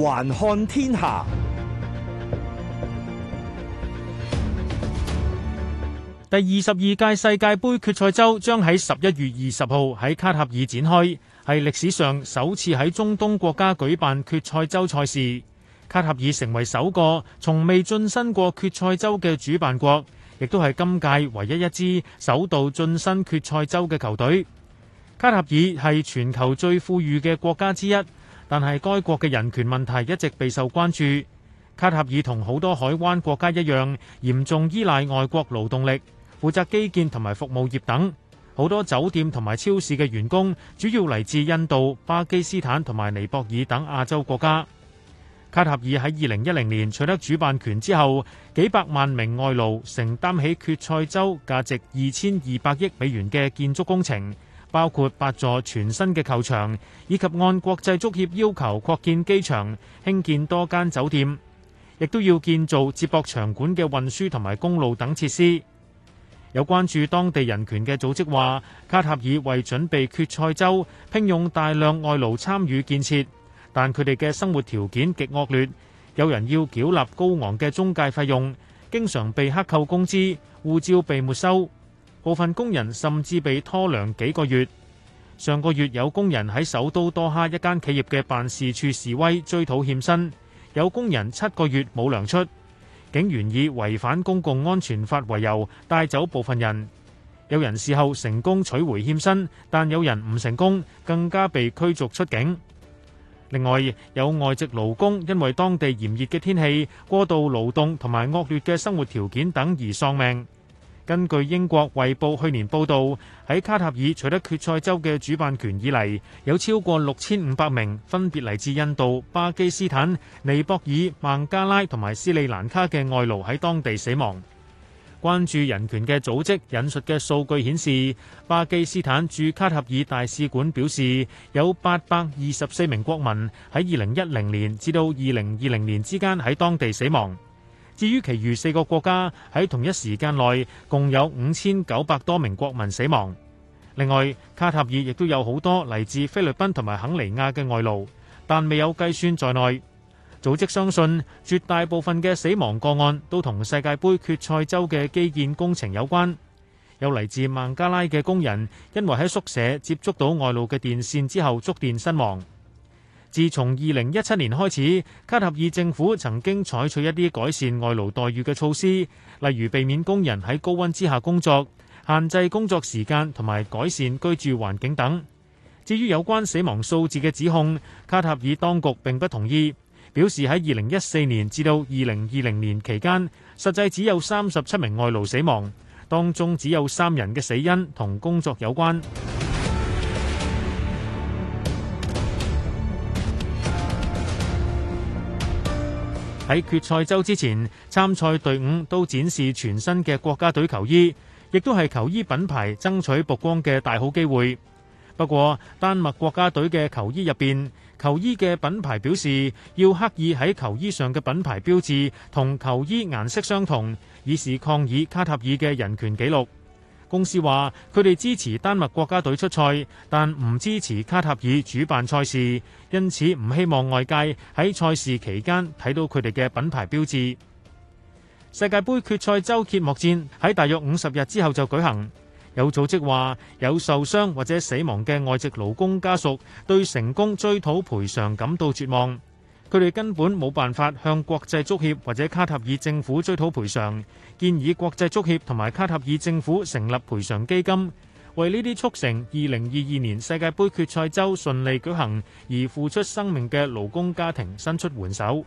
環看天下。第二十二屆世界盃決賽周將喺十一月二十號喺卡塔爾展開，係歷史上首次喺中東國家舉辦決賽周賽事。卡塔爾成為首個從未晉身過決賽周嘅主辦國，亦都係今屆唯一一支首度晉身決賽周嘅球隊。卡塔爾係全球最富裕嘅國家之一。但係，該國嘅人權問題一直備受關注。卡塔爾同好多海灣國家一樣，嚴重依賴外國勞動力，負責基建同埋服務業等。好多酒店同埋超市嘅員工主要嚟自印度、巴基斯坦同埋尼泊爾等亞洲國家。卡塔爾喺二零一零年取得主辦權之後，幾百萬名外勞承擔起決賽周價值二千二百億美元嘅建築工程。包括八座全新嘅球場，以及按國際足協要求擴建機場、興建多間酒店，亦都要建造接駁場館嘅運輸同埋公路等設施。有關注當地人權嘅組織話，卡塔爾為準備決賽周，聘用大量外勞參與建設，但佢哋嘅生活條件極惡劣，有人要繳納高昂嘅中介費用，經常被克扣工資，護照被沒收。部分工人甚至被拖糧幾個月。上個月有工人喺首都多哈一間企業嘅辦事處示威追討欠薪，有工人七個月冇糧出，警員以違反公共安全法為由帶走部分人。有人事後成功取回欠薪，但有人唔成功，更加被驅逐出境。另外，有外籍勞工因為當地炎熱嘅天氣、過度勞動同埋惡劣嘅生活條件等而喪命。根據英國《衛報》去年報道，喺卡塔爾取得決賽周嘅主辦權以嚟，有超過六千五百名分別嚟自印度、巴基斯坦、尼泊爾、孟加拉同埋斯里蘭卡嘅外勞喺當地死亡。關注人權嘅組織引述嘅數據顯示，巴基斯坦駐卡塔爾大使館表示，有八百二十四名國民喺二零一零年至到二零二零年之間喺當地死亡。至於其餘四個國家喺同一時間內共有五千九百多名國民死亡。另外，卡塔爾亦都有好多嚟自菲律賓同埋肯尼亞嘅外勞，但未有計算在內。組織相信，絕大部分嘅死亡個案都同世界盃決賽周嘅基建工程有關。有嚟自孟加拉嘅工人，因為喺宿舍接觸到外勞嘅電線之後觸電身亡。自從二零一七年開始，卡塔爾政府曾經採取一啲改善外勞待遇嘅措施，例如避免工人喺高溫之下工作、限制工作時間同埋改善居住環境等。至於有關死亡數字嘅指控，卡塔爾當局並不同意，表示喺二零一四年至到二零二零年期間，實際只有三十七名外勞死亡，當中只有三人嘅死因同工作有關。喺決賽周之前，參賽隊伍都展示全新嘅國家隊球衣，亦都係球衣品牌爭取曝光嘅大好機會。不過，丹麥國家隊嘅球衣入邊，球衣嘅品牌表示要刻意喺球衣上嘅品牌標誌同球衣顏色相同，以示抗議卡塔爾嘅人權紀錄。公司話佢哋支持丹麥國家隊出賽，但唔支持卡塔爾主辦賽事，因此唔希望外界喺賽事期間睇到佢哋嘅品牌標誌。世界盃決賽周揭幕戰喺大約五十日之後就舉行。有組織話有受傷或者死亡嘅外籍勞工家屬對成功追討賠償感到絕望。佢哋根本冇辦法向國際足協或者卡塔爾政府追討賠償，建議國際足協同埋卡塔爾政府成立賠償基金，為呢啲促成二零二二年世界盃決賽周順利舉行而付出生命嘅勞工家庭伸出援手。